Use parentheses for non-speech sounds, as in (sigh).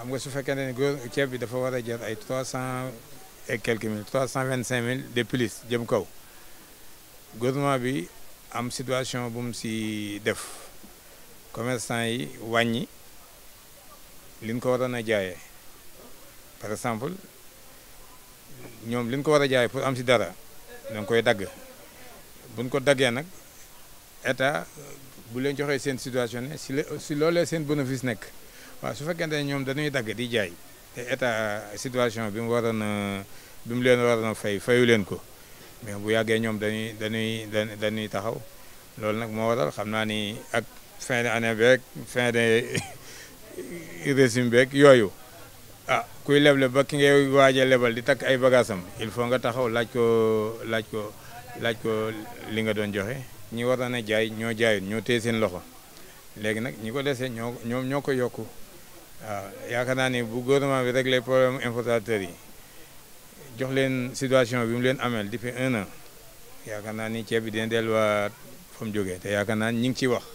xam nga su fekkee ne góor ceeb bi dafa war a jar ay trois cent et cent vingt cinq mille de plus jëm kaw gouvernement bi am situation bu si def commerçant yi wàññi liñ ko waroon a jaayee par exemple ñoom liñ ko war a jaayee pour am si dara dañ koy dagg buñ ko daggee nag état bu leen joxee seen situation ne si la si loolee seen bénéfice nekk. waaw su fekkente ne ñoom dañuy dagg di jaay te état situation bi mu waroon a mu leen waroon a fay fayu leen ko mais bu yàggee ñoom dañuy dañuy dañuy taxaw loolu nag moo waral xam naa ni ak fin de année beeg fin de (laughs) régime yooyu ah kuy leble ba ki ngay waaj lebal di takk ay bagaasam il faut nga taxaw laaj ko laaj ko laaj ko li nga doon joxe ñi war na jaay ñoo jaayut ñoo téye seen loxo léegi nag ñi ko desee ñoo ñoom ko yokku waaw yaakaar naa ni bu gouvernement bi réglé problème infortateur yi jox leen situation bi mu leen ameel depuis un an yaakaar naa ni ceeb bi dina delluwaat fa mu jógee te yaakaar naa ni ñu ngi ciy wax.